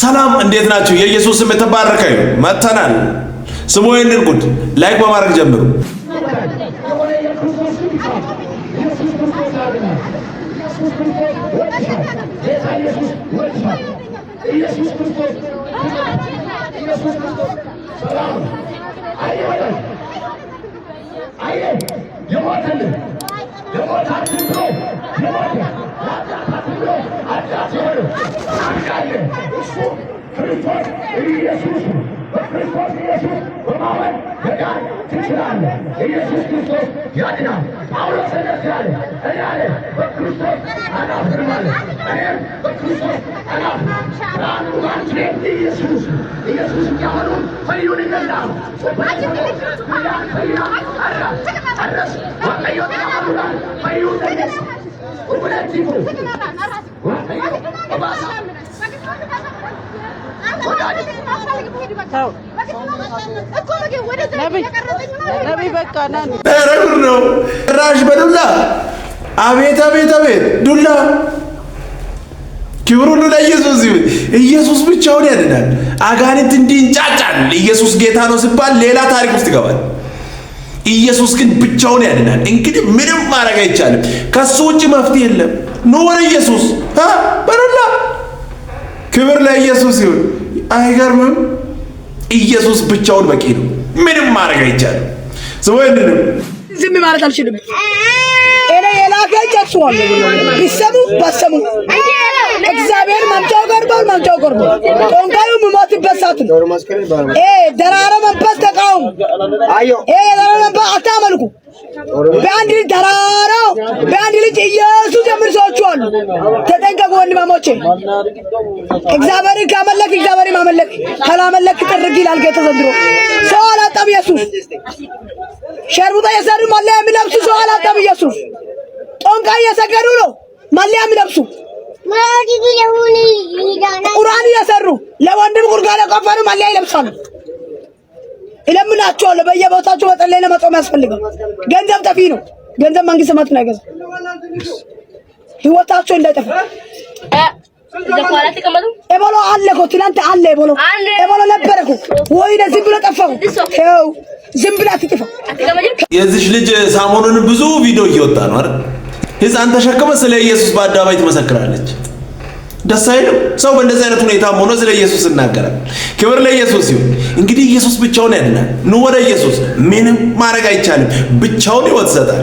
ሰላም እንዴት ናችሁ? የኢየሱስ ስም የተባረከ ይሁን። መተናል ስሙ ይህንን ጉድ ላይክ በማድረግ ጀምሩ። ኢየሱስ 영원 단신으로 영원히 남자 단신으로 앉아 지원을 남자에게 그리스도의 예수 ክርስቶስ ኢየሱስ በማመን መዳን ትችላለህ። ኢየሱስ ክርስቶስ ያድናል። ጳውሎስ እንደዚህ አለ፣ እኔ አለ በክርስቶስ አናፍርም አለ። እኔም በክርስቶስ አናፍርም ራሱ ባንቺ ኢየሱስ ኢየሱስ እያሆኑ ፈዩን ይገላ ፈያ ፈያ አራ አረስ ወቀዮ ተማሩላል ፈዩ ተገስ ሁለት ይቁ ወቀዮ ባሳ በረር ነው ራሽ በዱላ አቤት አቤት አቤት ዱላ ክብር ሁሉ ለኢየሱስ ይሁን። ኢየሱስ ብቻውን ያድናል። አጋንንት እንዲህ እንጫጫል። ኢየሱስ ጌታ ነው ሲባል ሌላ ታሪክ ውስጥ ይገባል። ኢየሱስ ግን ብቻውን ያድናል። እንግዲህ ምንም ማድረግ አይቻልም። ከሱ ውጭ መፍትሄ የለም። ኑ ወደ ኢየሱስ በዱላ ክብር ለኢየሱስ ይሁን። አይገርምም? ኢየሱስ ብቻውን በቂ ነው። ምንም ማድረግ አይቻልም። ዝወንንም ዝም ማለት አልችልም። እኔ የላከኝ ጨርሰዋል። ቢሰሙ ባሰሙ እግዚአብሔር መምጫው ቀርቧል፣ መምጫው ቀርቧል። ጦንቃዩ የሚሞትበት ሰዓት ነው። ደራረ መንፈስ ተቃውም የደራረ መንፈስ አታመልኩ። በአንድ ልጅ ተራራው በአንድ ልጅ ኢየሱስ የሚል ሰዎቹ አሉ። ተጠንቀቁ ወንድማሞቼ። እግዚአብሔርን ካመለክ እግዚአብሔር ማመለክ ካላመለክ ጥርግ ይላል ጌታ ዘንድሮ። ሰው አላጣም ኢየሱስ። ሸርሙጣ የሰሩ መለያ የሚለብሱ ሰው አላጣም ኢየሱስ። ጦንቃይ የሰገዱ ነው መለያ የሚለብሱ ቁርአን እየሰሩ ለወንድም ጉድጓድ የቆፈሩ መለያ ይለብሳሉ። እለምናቸዋለሁ። በየቦታቸው መጸለይ ነው፣ መጾም ያስፈልጋል። ገንዘብ ጠፊ ነው። ገንዘብ መንግስት መት ነው ህይወታቸው እንዳይጠፋ ኤቦሎ አለ እኮ ትናንት አለ ኤቦሎ ኤቦሎ ነበረ እኮ ወይ ዝም ብሎ ጠፋው። ይኸው ዝም ብሎ አትጥፋ። የዚች ልጅ ሳሞኑን ብዙ ቪዲዮ እየወጣ ነው አይደል ሕፃን ተሸክመ ስለ ኢየሱስ በአደባባይ ትመሰክራለች። ደስ አይልም? ሰው በእንደዚህ አይነት ሁኔታም ሆኖ ስለ ኢየሱስ ይናገራል። ክብር ለኢየሱስ ይሁን። እንግዲህ ኢየሱስ ብቻውን ያድናል። ኑ ወደ ኢየሱስ። ምንም ማድረግ አይቻልም። ብቻውን ሕይወት ይሰጣል።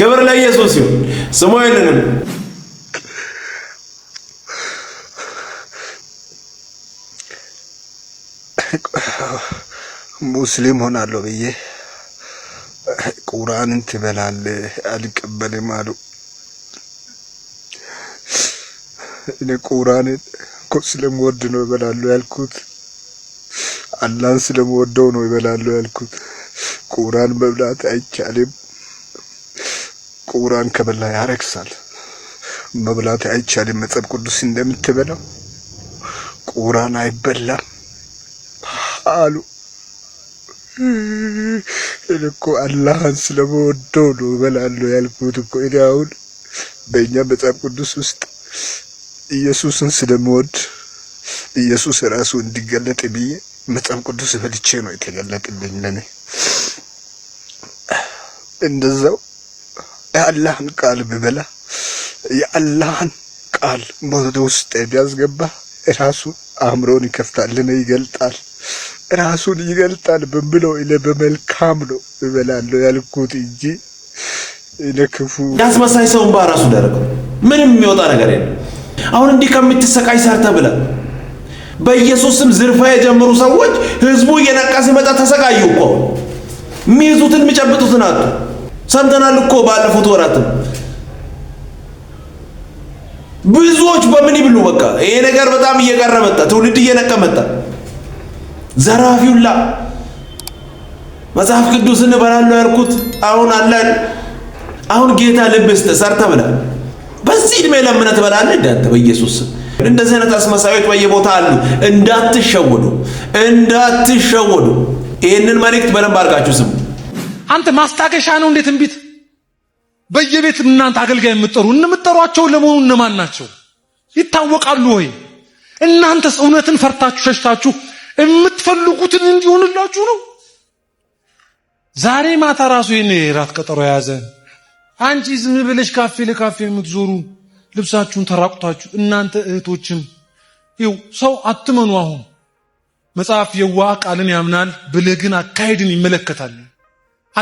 ክብር ለኢየሱስ ይሁን። ስሙ ይልንም ሙስሊም ሆናለሁ ብዬ ቁርአንን ትበላለህ አልቀበልም አሉ። እኔ ቁራን እኮ ስለምወድ ነው ይበላሉ ያልኩት። አላን ስለምወደው ነው ይበላሉ ያልኩት። ቁራን መብላት አይቻልም። ቁራን ከበላ ያረክሳል። መብላት አይቻልም። መጽሐፍ ቅዱስ እንደምትበላው ቁራን አይበላም አሉ። እኔ እኮ አላህን ስለምወደው ነው ይበላሉ ያልኩት እኮ እኔ አሁን በእኛ መጽሐፍ ቅዱስ ውስጥ ኢየሱስን ስለምወድ ኢየሱስ ራሱ እንዲገለጥ ብዬ መጽሐፍ ቅዱስ በልቼ ነው የተገለጥልኝ ለኔ። እንደዛው የአላህን ቃል ብበላ የአላህን ቃል ወደ ውስጤ ቢያስገባ ራሱ አእምሮን ይከፍታል፣ ለኔ ይገልጣል፣ ራሱን ይገልጣል ብንብለው እኔ በመልካም ነው እበላለሁ ያልኩት እንጂ ለክፉ ያስመሳይ ሰውን በራሱ ደረገው ምንም የሚወጣ ነገር የለም። አሁን እንዲህ ከምትሰቃይ ሰርተ ብላ በኢየሱስ ስም ዝርፋ የጀመሩ ሰዎች ህዝቡ እየነቃ ሲመጣ ተሰቃዩ እኮ የሚይዙትን የሚጨብጡትን አጡ። ሰምተናል እኮ ባለፉት ወራትም ብዙዎች በምን ይብሉ። በቃ ይሄ ነገር በጣም እየቀረ መጣ። ትውልድ እየነቀ መጣ። ዘራፊውላ መጽሐፍ ቅዱስን እበላለሁ ያልኩት አሁን አለን። አሁን ጌታ ልብ ስጥ ሰርተ ብላ በዚህ ዕድሜ ለምነት በላለህ እንዳንተ በኢየሱስ እንደዚህ አይነት አስመሳዮች በየቦታ አሉ። እንዳትሸወዱ፣ እንዳትሸወዱ። ይህንን መልእክት በደንብ አድርጋችሁ ስሙ። አንተ ማስታገሻ ነው እንዴት እምቢት በየቤት እናንተ አገልጋይ የምትጠሩ እንምጠሯቸው ለመሆኑ እነማን ናቸው? ይታወቃሉ ወይ? እናንተስ እውነትን ፈርታችሁ ሸሽታችሁ የምትፈልጉትን እንዲሆንላችሁ ነው። ዛሬ ማታ ራሱ ይሄን የራት ቀጠሮ የያዘ አንቺ ዝም ብለሽ ካፌ ለካፌ የምትዞሩ ልብሳችሁን ተራቁታችሁ እናንተ እህቶችም ይው ሰው አትመኑ። አሁን መጽሐፍ የዋ ቃልን ያምናል፣ ብልህ ግን አካሄድን ይመለከታል።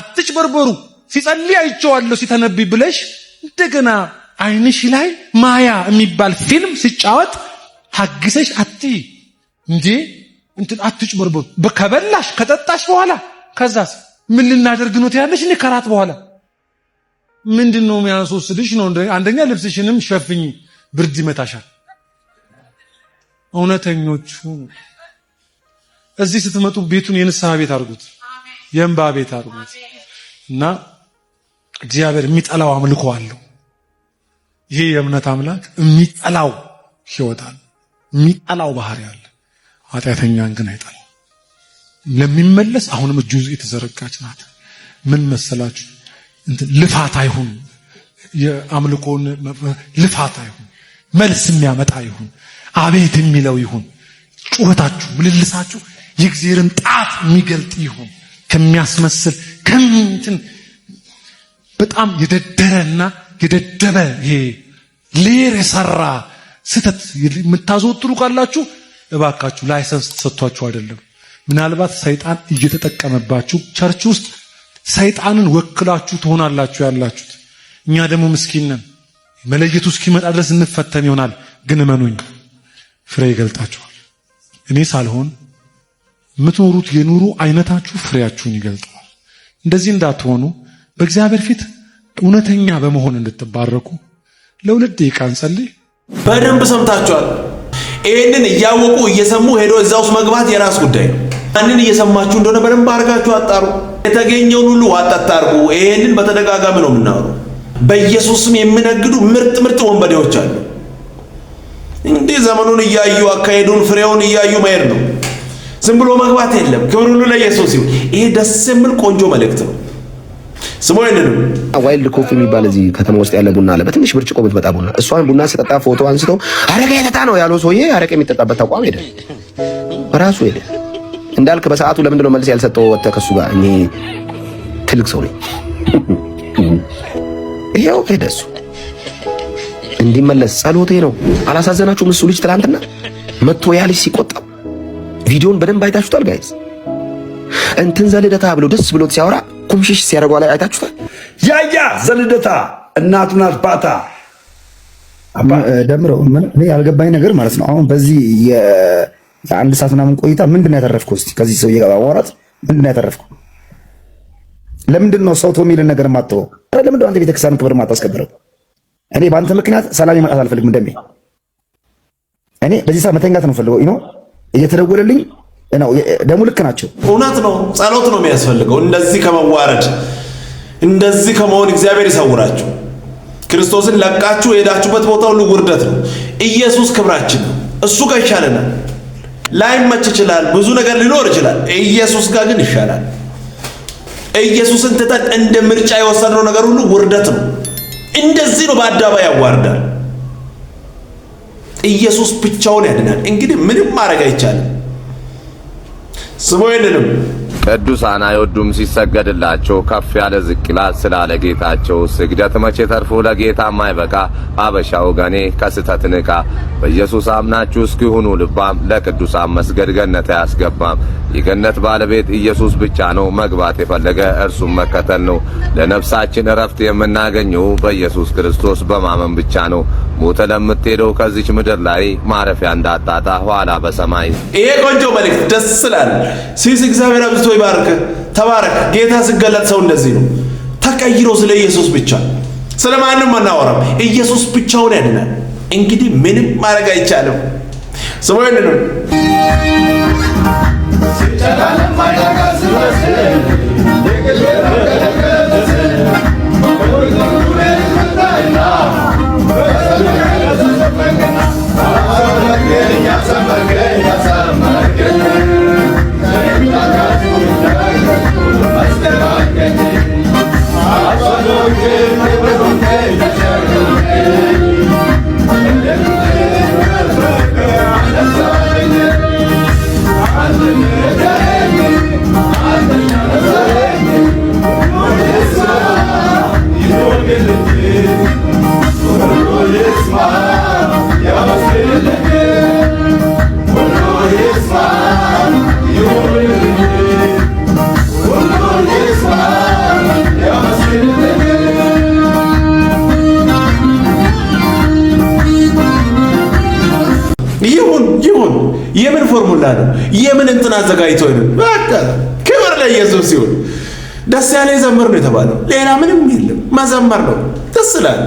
አትጭበርበሩ። ሲጸልይ አይቼዋለሁ ሲተነብይ ብለሽ እንደገና አይንሽ ላይ ማያ የሚባል ፊልም ሲጫወት ሀግሰሽ አት እንዴ እንትን አትጭበርበሩ። ከበላሽ ከጠጣሽ በኋላ ከዛስ ምን ልናደርግ ነው ትያለሽ? እኔ ከራት በኋላ ምንድን ነው የሚያስወስድሽ? ነው አንደኛ ልብስሽንም ሸፍኝ፣ ብርድ ይመታሻል። እውነተኞቹ እዚህ ስትመጡ ቤቱን የንስሐ ቤት አድርጉት፣ የእንባ ቤት አድርጉት እና እግዚአብሔር የሚጠላው አምልኮ አለው። ይሄ የእምነት አምላክ የሚጠላው ሕይወት አለ፣ የሚጠላው ባህሪ አለ። ኃጢአተኛን ግን አይጠላም። ለሚመለስ አሁንም እጁ የተዘረጋች ናት። ምን መሰላችሁ? ልፋት አይሁን፣ የአምልኮን ልፋት አይሁን፣ መልስ የሚያመጣ ይሁን፣ አቤት የሚለው ይሁን። ጩኸታችሁ፣ ምልልሳችሁ የእግዚአብሔርን ጣት የሚገልጥ ይሁን ከሚያስመስል ከምንትን በጣም የደደረና የደደበ ይሄ ሌር የሰራ ስህተት የምታዘወትሩ ካላችሁ እባካችሁ ላይሰንስ ተሰጥቷችሁ አይደለም። ምናልባት ሰይጣን እየተጠቀመባችሁ ቸርች ውስጥ ሰይጣንን ወክላችሁ ትሆናላችሁ ያላችሁት። እኛ ደግሞ ምስኪን ነን። መለየቱ እስኪመጣ ድረስ እንፈተን ይሆናል። ግን እመኑኝ ፍሬ ይገልጣችኋል። እኔ ሳልሆን የምትኖሩት የኑሮ አይነታችሁ ፍሬያችሁን ይገልጠዋል። እንደዚህ እንዳትሆኑ በእግዚአብሔር ፊት እውነተኛ በመሆን እንድትባረኩ ለሁለት ደቂቃ እንጸልይ። በደንብ ሰምታችኋል። ይህንን እያወቁ እየሰሙ ሄዶ እዛ ውስጥ መግባት የራስ ጉዳይ ነው። ያንን እየሰማችሁ እንደሆነ በደንብ አድርጋችሁ አጣሩ። የተገኘውን ሁሉ አጣጣርጉ። ይሄንን በተደጋጋሚ ነው የምናወራው። በኢየሱስም የሚነግዱ ምርጥ ምርጥ ወንበዴዎች አሉ። እንዲህ ዘመኑን እያዩ አካሄዱን ፍሬውን እያዩ መሄድ ነው። ዝም ብሎ መግባት የለም። ክብር ሁሉ ለኢየሱስ ይሁን። ይሄ ደስ የሚል ቆንጆ መልእክት ነው። ስሙ ዋይልድ ኮፊ የሚባል እዚህ ከተማ ውስጥ ያለ ቡና አለ። በትንሽ ብርጭቆ የምትመጣ ቡና፣ እሷን ቡና ስጠጣ ፎቶ አንስተው አረቀ የጠጣ ነው ያለው ሰውዬ አረቀ የሚጠጣበት ተቋም ሄደ፣ ራሱ ሄደ። እንዳልክ በሰዓቱ ለምንድን ነው መልስ ያልሰጠው? ወጥተህ ከሱ ጋር እኔ ትልቅ ሰው ነኝ። ይሄው ሄደ እሱ እንዲመለስ ጸሎቴ ነው። አላሳዘናችሁም? እሱ ልጅ ትላንትና መጥቶ ያ ልጅ ሲቆጣ ቪዲዮን በደንብ አይታችሁታል ጋይስ። እንትን ዘልደታ ብሎ ደስ ብሎት ሲያወራ ኩምሽሽ ሲያደርጓ ላይ አይታችሁታል። ያያ ዘልደታ እናቱ አባታ ደምረው ምን ያልገባኝ ነገር ማለት ነው አሁን በዚህ አንድ ሰዓት ምናምን ቆይታ ምንድን ነው ያተረፍከው? እስቲ ከዚህ ሰውዬ ጋር ማውራት ምንድን ነው ያተረፍከው? ለምንድን ነው ሰው የሚልን ነገር የማትተወው? አረ ለምንድን ነው አንተ ቤተክርስቲያን ክብር የማታስከብረው? እኔ በአንተ ምክንያት ሰላም ይመጣት አልፈልግም። እንደሜ እኔ በዚህ ሰዓት መተኛት ነው ፈልገው ነው እየተደወለልኝ ነው። ደሙ ልክ ናቸው። እውነት ነው። ጸሎት ነው የሚያስፈልገው። እንደዚህ ከመዋረድ እንደዚህ ከመሆን እግዚአብሔር ይሰውራችሁ። ክርስቶስን ለቃችሁ የሄዳችሁበት ቦታ ሁሉ ውርደት ነው። ኢየሱስ ክብራችን ነው። እሱ ጋር ይሻለናል። ላይመች ይችላል፣ ብዙ ነገር ሊኖር ይችላል። ኢየሱስ ጋር ግን ይሻላል። ኢየሱስን ትተን እንደ ምርጫ የወሰድነው ነገር ሁሉ ውርደት ነው። እንደዚህ ነው፣ በአደባባይ ያዋርዳል። ኢየሱስ ብቻውን ያድናል። እንግዲህ ምንም ማድረግ አይቻልም። ስሙ ይልንም ቅዱሳን አይወዱም ሲሰገድላቸው ከፍ ያለ ዝቅ ይላል ስላለ ጌታቸው ስግደት መቼ ተርፎ ለጌታ ማይበቃ አበሻ ወገኔ ከስተት ንቃ። በኢየሱስ አምናችሁ እስኪሁኑ ልባም ለቅዱሳን መስገድ ገነት አያስገባም። የገነት ባለቤት ኢየሱስ ብቻ ነው። መግባት የፈለገ እርሱም መከተል ነው። ለነፍሳችን እረፍት የምናገኘው በኢየሱስ ክርስቶስ በማመን ብቻ ነው። ሞተ ለምትሄደው ከዚች ምድር ላይ ማረፊያ እንዳጣጣ ኋላ በሰማይ ይሄ ቆንጆ መልእክት ደስ ስላል ሲስ እግዚአብሔር አብዝቶ ይባርክ፣ ተባረክ። ጌታ ሲገለጥ ሰው እንደዚህ ነው ተቀይሮ፣ ስለ ኢየሱስ ብቻ ስለማንም አናወራም። ኢየሱስ ብቻውን ያድናል። እንግዲህ ምንም ማድረግ አይቻልም። ስሙ ነው ትናንትና አዘጋጅቶን በቃ ክብር ለኢየሱስ ሲሆን ደስ ያለ ዘምር ነው የተባለው። ሌላ ምንም የለም፣ መዘመር ነው። ደስ ይላል።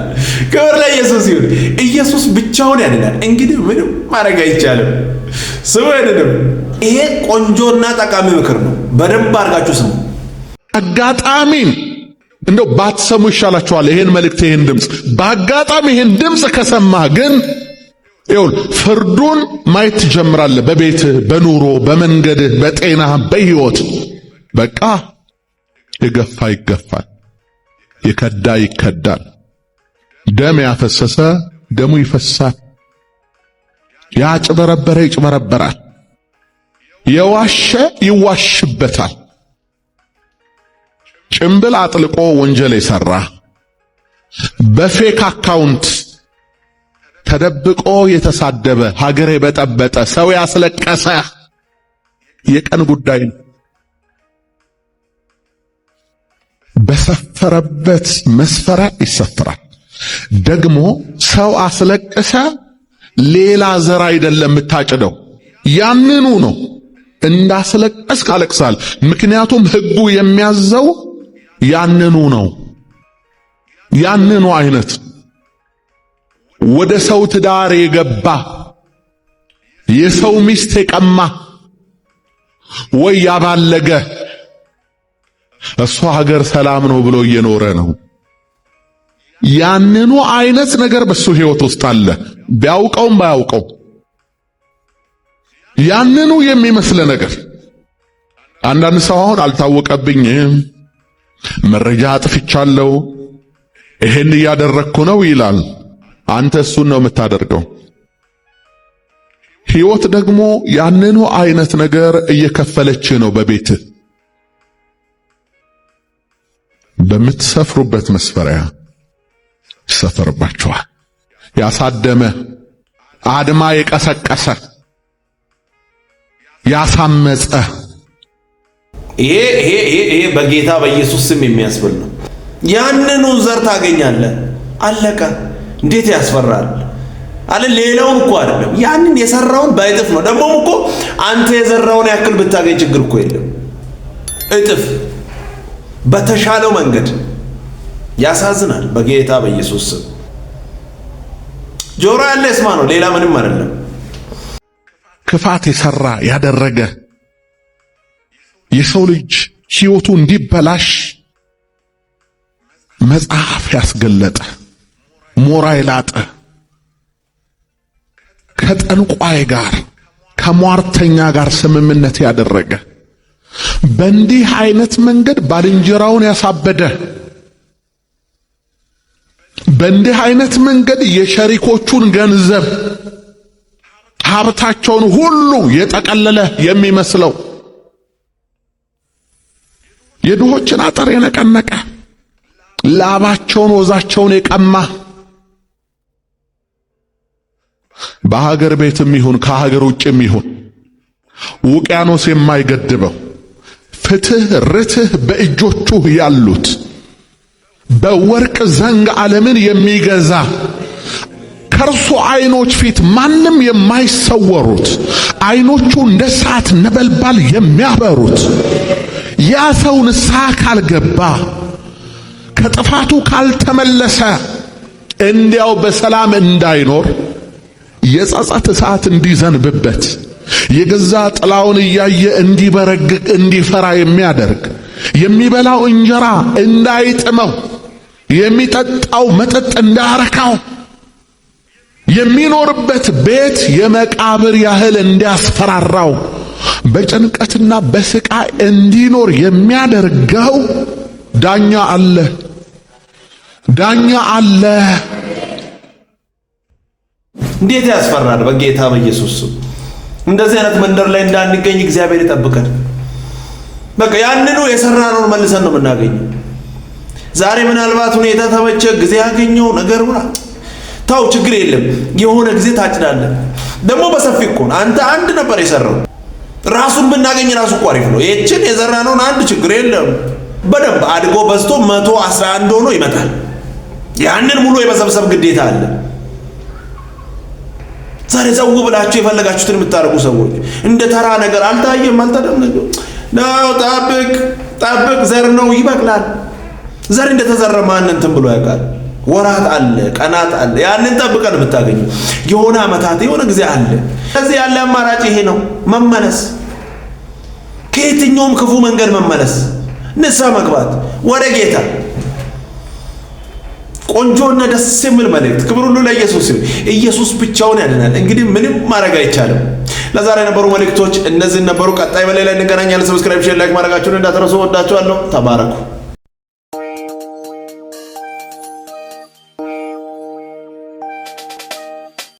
ክብር ለኢየሱስ ይሁን። ኢየሱስ ብቻውን ያድናል። እንግዲህ ምንም ማድረግ አይቻልም። ስሙ አይደለም። ይሄ ቆንጆና ጠቃሚ ምክር ነው። በደንብ አድርጋችሁ ስሙ። አጋጣሚን እንደው ባትሰሙ ይሻላችኋል። ይሄን መልእክት፣ ይሄን ድምፅ በአጋጣሚ ይሄን ድምፅ ከሰማህ ግን ይሁን ፍርዱን ማየት ትጀምራለህ። በቤትህ፣ በኑሮ፣ በመንገድህ፣ በጤና በህይወት በቃ የገፋ ይገፋል፣ የከዳ ይከዳል፣ ደም ያፈሰሰ ደሙ ይፈሳል፣ ያጭበረበረ ይጭበረበራል፣ የዋሸ ይዋሽበታል። ጭምብል አጥልቆ ወንጀል የሰራ በፌክ አካውንት ተደብቆ የተሳደበ ሀገር የበጠበጠ ሰው ያስለቀሰ የቀን ጉዳይ ነው። በሰፈረበት መስፈሪያ ይሰፈራል። ደግሞ ሰው አስለቅሰ ሌላ ዘር አይደለም የምታጭደው፣ ያንኑ ነው እንዳስለቀስ ካለቅሳል። ምክንያቱም ህጉ የሚያዘው ያንኑ ነው፣ ያንኑ አይነት ወደ ሰው ትዳር የገባ የሰው ሚስት የቀማ ወይ ያባለገ እሷ ሀገር ሰላም ነው ብሎ እየኖረ ነው። ያንኑ አይነት ነገር በሱ ህይወት ውስጥ አለ። ቢያውቀውም ባያውቀው ያንኑ የሚመስለ ነገር አንዳንድ ሰው አሁን አልታወቀብኝም፣ መረጃ አጥፍቻለሁ፣ ይሄን እያደረግኩ ነው ይላል። አንተ እሱን ነው የምታደርገው። ሕይወት ደግሞ ያንኑ አይነት ነገር እየከፈለች ነው። በቤት በምትሰፍሩበት መስፈሪያ ይሰፈርባችኋል። ያሳደመ አድማ የቀሰቀሰ ያሳመጸ ይሄ ይሄ ይሄ በጌታ በኢየሱስ ስም የሚያስብል ነው። ያንኑ ዘር ታገኛለህ። አለቀ። እንዴት ያስፈራል አለ። ሌላውን እኮ አይደለም ያንን የሰራውን በእጥፍ ነው። ደግሞም እኮ አንተ የዘራውን ያክል ብታገኝ ችግር እኮ የለም። እጥፍ በተሻለው መንገድ ያሳዝናል። በጌታ በኢየሱስ ስም ጆሮ ያለ እስማ ነው። ሌላ ምንም አይደለም። ክፋት የሰራ ያደረገ የሰው ልጅ ሕይወቱ እንዲበላሽ መጽሐፍ ያስገለጠ ሞራ የላጠ ከጠንቋይ ጋር ከሟርተኛ ጋር ስምምነት ያደረገ በእንዲህ አይነት መንገድ ባልንጀራውን ያሳበደ በእንዲህ አይነት መንገድ የሸሪኮቹን ገንዘብ ሀብታቸውን ሁሉ የጠቀለለ የሚመስለው የድሆችን አጥር የነቀነቀ ላባቸውን ወዛቸውን የቀማ በሀገር ቤትም ይሁን ከሀገር ውጭም ይሁን ውቅያኖስ የማይገድበው ፍትህ ርትህ በእጆቹ ያሉት በወርቅ ዘንግ ዓለምን የሚገዛ ከእርሱ አይኖች ፊት ማንም የማይሰወሩት አይኖቹ እንደ ሰዓት ነበልባል የሚያበሩት ያ ሰው ንስሐ ካልገባ ከጥፋቱ ካልተመለሰ እንዲያው በሰላም እንዳይኖር የጸጸት ሰዓት እንዲዘንብበት የገዛ ጥላውን እያየ እንዲበረግግ እንዲፈራ የሚያደርግ የሚበላው እንጀራ እንዳይጥመው የሚጠጣው መጠጥ እንዳያረካው የሚኖርበት ቤት የመቃብር ያህል እንዲያስፈራራው በጭንቀትና በስቃይ እንዲኖር የሚያደርገው ዳኛ አለ ዳኛ አለ። እንዴት ያስፈራል! በጌታ በኢየሱስ ስም እንደዚህ አይነት መንደር ላይ እንዳንገኝ እግዚአብሔር ይጠብቀን። በቃ ያንኑ የሰራነውን መልሰን ነው የምናገኘው። ዛሬ ምናልባት ሁኔታ ተመቸ፣ ጊዜ ያገኘው ነገር ታው ችግር የለም የሆነ ጊዜ ታጭዳለህ። ደግሞ በሰፊ እኮ አንተ አንድ ነበር የሰራው። ራሱን ብናገኝ ራሱ እኮ አሪፍ ነው። ይህችን የዘራነውን አንድ ችግር የለም በደንብ አድጎ በዝቶ መቶ አስራ አንድ ሆኖ ይመጣል። ያንን ሙሉ የመሰብሰብ ግዴታ አለ። ዛሬ ዘው ብላችሁ የፈለጋችሁትን የምታደርጉ ሰዎች እንደ ተራ ነገር አልታየም፣ አልተደነገም ነው። ጠብቅ ጠብቅ፣ ዘር ነው ይበቅላል። ዘር እንደተዘረ ማን እንትን ብሎ ያውቃል? ወራት አለ፣ ቀናት አለ። ያንን ጠብቀን የምታገኙ የሆነ ዓመታት የሆነ ጊዜ አለ። ከዚህ ያለ አማራጭ ይሄ ነው፣ መመለስ፣ ከየትኛውም ክፉ መንገድ መመለስ፣ ንስሐ መግባት ወደ ጌታ ቆንጆና ደስ የሚል መልእክት። ክብር ሁሉ ለኢየሱስ ይሁን። ኢየሱስ ብቻውን ያድናል። እንግዲህ ምንም ማድረግ አይቻልም። ለዛሬ የነበሩ መልእክቶች እነዚህ ነበሩ። ቀጣይ በሌላ እንገናኛለን። ሰብስክራይብ፣ ሼር፣ ላይክ ማድረጋችሁን እንዳትረሱ። ወዳችኋለሁ። ተባረኩ።